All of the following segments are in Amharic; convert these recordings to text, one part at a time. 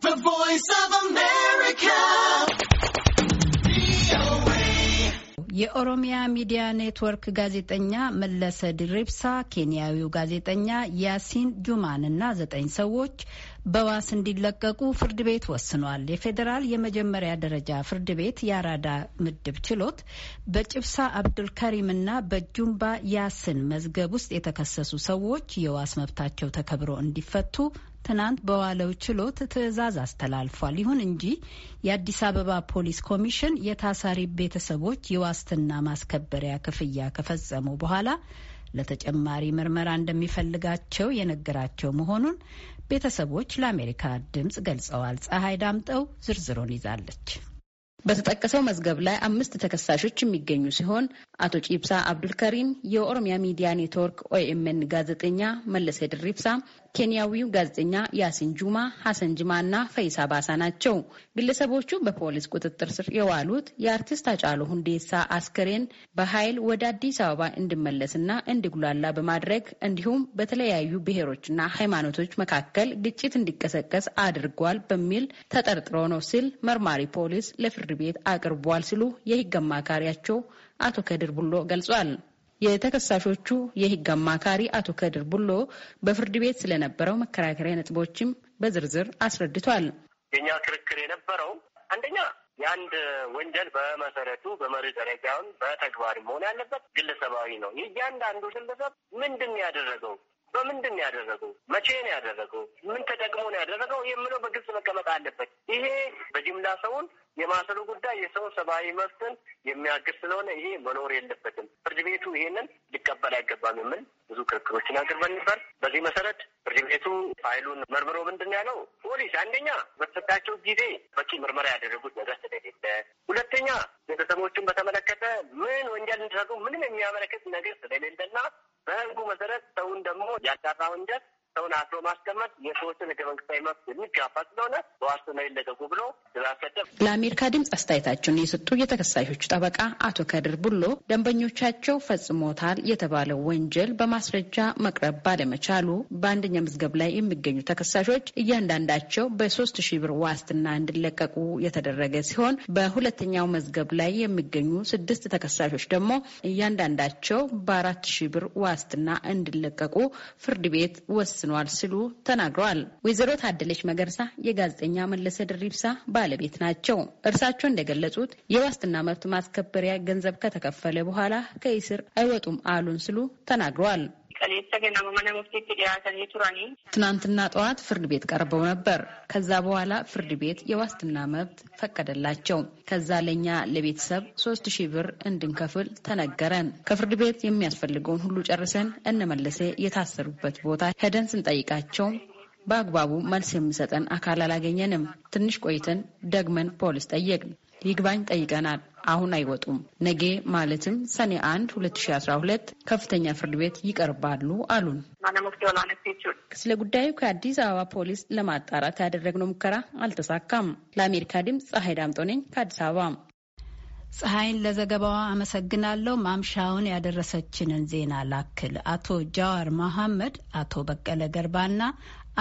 The Voice of America. የኦሮሚያ ሚዲያ ኔትወርክ ጋዜጠኛ መለሰ ድሪብሳ ኬንያዊው ጋዜጠኛ ያሲን ጁማን እና ዘጠኝ ሰዎች በዋስ እንዲለቀቁ ፍርድ ቤት ወስኗል። የፌዴራል የመጀመሪያ ደረጃ ፍርድ ቤት የአራዳ ምድብ ችሎት በጭብሳ አብዱልከሪምና በጁምባ ያስን መዝገብ ውስጥ የተከሰሱ ሰዎች የዋስ መብታቸው ተከብሮ እንዲፈቱ ትናንት በዋለው ችሎት ትዕዛዝ አስተላልፏል። ይሁን እንጂ የአዲስ አበባ ፖሊስ ኮሚሽን የታሳሪ ቤተሰቦች የዋስትና ማስከበሪያ ክፍያ ከፈጸሙ በኋላ ለተጨማሪ ምርመራ እንደሚፈልጋቸው የነገራቸው መሆኑን ቤተሰቦች ለአሜሪካ ድምጽ ገልጸዋል። ፀሐይ ዳምጠው ዝርዝሩን ይዛለች። በተጠቀሰው መዝገብ ላይ አምስት ተከሳሾች የሚገኙ ሲሆን አቶ ጪብሳ አብዱልከሪም፣ የኦሮሚያ ሚዲያ ኔትወርክ ኦኤምኤን ጋዜጠኛ መለሰ ድሪብሳ፣ ኬንያዊው ጋዜጠኛ ያሲን ጁማ፣ ሀሰን ጅማ እና ፈይሳ ባሳ ናቸው። ግለሰቦቹ በፖሊስ ቁጥጥር ስር የዋሉት የአርቲስት አጫሉ ሁንዴሳ አስከሬን በኃይል ወደ አዲስ አበባ እንዲመለስና እንዲጉላላ በማድረግ እንዲሁም በተለያዩ ብሔሮችና ሃይማኖቶች መካከል ግጭት እንዲቀሰቀስ አድርጓል በሚል ተጠርጥሮ ነው ሲል መርማሪ ፖሊስ ለፍርድ ቤት አቅርቧል ሲሉ የህግ አማካሪያቸው አቶ ከድር ቡሎ ገልጿል። የተከሳሾቹ የህግ አማካሪ አቶ ከድር ቡሎ በፍርድ ቤት ስለነበረው መከራከሪያ ነጥቦችም በዝርዝር አስረድቷል። የኛ ክርክር የነበረው አንደኛ የአንድ ወንጀል በመሰረቱ በመሪ ደረጃውን በተግባር መሆን ያለበት ግለሰባዊ ነው። እያንዳንዱ ግለሰብ ምንድን ያደረገው በምንድን ነው ያደረገው? መቼ ነው ያደረገው? ምን ተጠቅሞ ነው ያደረገው የምለው በግልጽ መቀመጥ አለበት። ይሄ በጅምላ ሰውን የማሰሉ ጉዳይ የሰው ሰብአዊ መብትን የሚያግር ስለሆነ ይሄ መኖር የለበትም። ፍርድ ቤቱ ይሄንን ሊቀበል አይገባም የምል ብዙ ክርክሮችን አቅርበን ነበር። በዚህ መሰረት ፍርድ ቤቱ ፋይሉን መርምሮ ምንድን ያለው ፖሊስ አንደኛ በተሰጣቸው ጊዜ በቂ ምርመራ ያደረጉት ነገር ስለሌለ፣ ሁለተኛ ቤተሰቦቹን በተመለከተ ምን ወንጀል እንደሰሩ ምንም የሚያመለክት ነገር ስለሌለና ወደ አዳራ ወንጀል ሰውን አስሮ ማስቀመጥ የሰዎችን ህገ መንግስታዊ መብት የሚጋፋ ስለሆነ በዋስትና ይለቀቁ ብሎ ስላስቀደም ለአሜሪካ ድምፅ አስተያየታቸውን የሰጡ የተከሳሾቹ ጠበቃ አቶ ከድር ቡሎ ደንበኞቻቸው ፈጽሞታል የተባለው ወንጀል በማስረጃ መቅረብ ባለመቻሉ በአንደኛ መዝገብ ላይ የሚገኙ ተከሳሾች እያንዳንዳቸው በሶስት ሺህ ብር ዋስትና እንዲለቀቁ የተደረገ ሲሆን በሁለተኛው መዝገብ ላይ የሚገኙ ስድስት ተከሳሾች ደግሞ እያንዳንዳቸው በአራት ሺህ ብር ዋስትና እንዲለቀቁ ፍርድ ቤት ወስ ተወስኗል ሲሉ ተናግረዋል። ወይዘሮ ታደለች መገርሳ የጋዜጠኛ መለሰ ድሪብሳ ባለቤት ናቸው። እርሳቸው እንደገለጹት የዋስትና መብት ማስከበሪያ ገንዘብ ከተከፈለ በኋላ ከእስር አይወጡም አሉን ሲሉ ተናግረዋል። ትናንትና ጠዋት ፍርድ ቤት ቀርበው ነበር። ከዛ በኋላ ፍርድ ቤት የዋስትና መብት ፈቀደላቸው። ከዛ ለእኛ ለቤተሰብ ሶስት ሺህ ብር እንድንከፍል ተነገረን። ከፍርድ ቤት የሚያስፈልገውን ሁሉ ጨርሰን እነመለሴ የታሰሩበት ቦታ ሄደን ስንጠይቃቸው በአግባቡ መልስ የሚሰጠን አካል አላገኘንም። ትንሽ ቆይተን ደግመን ፖሊስ ጠየቅን። ይግባኝ ጠይቀናል። አሁን አይወጡም፣ ነገ ማለትም ሰኔ አንድ ሁለት ሺ አስራ ሁለት ከፍተኛ ፍርድ ቤት ይቀርባሉ አሉን። ስለ ጉዳዩ ከአዲስ አበባ ፖሊስ ለማጣራት ያደረግነው ሙከራ አልተሳካም። ለአሜሪካ ድምፅ ፀሐይ ዳምጦ ነኝ ከአዲስ አበባ ፀሐይን ለዘገባዋ አመሰግናለሁ። ማምሻውን ያደረሰችንን ዜና ላክል። አቶ ጃዋር መሐመድ፣ አቶ በቀለ ገርባና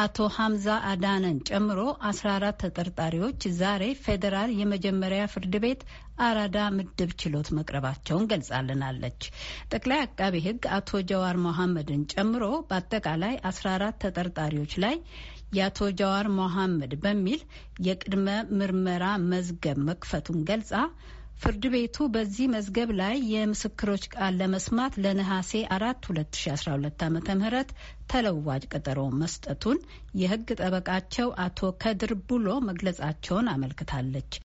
አቶ ሐምዛ አዳነን ጨምሮ 14 ተጠርጣሪዎች ዛሬ ፌዴራል የመጀመሪያ ፍርድ ቤት አራዳ ምድብ ችሎት መቅረባቸውን ገልጻልናለች። ጠቅላይ አቃቤ ሕግ አቶ ጀዋር መሐመድን ጨምሮ በአጠቃላይ 14 ተጠርጣሪዎች ላይ የአቶ ጀዋር መሐመድ በሚል የቅድመ ምርመራ መዝገብ መክፈቱን ገልጻ ፍርድ ቤቱ በዚህ መዝገብ ላይ የምስክሮች ቃል ለመስማት ለነሐሴ አራት ሁለት ዓ ምህረት ተለዋጭ ቀጠሮ መስጠቱን የህግ ጠበቃቸው አቶ ከድር ቡሎ መግለጻቸውን አመልክታለች።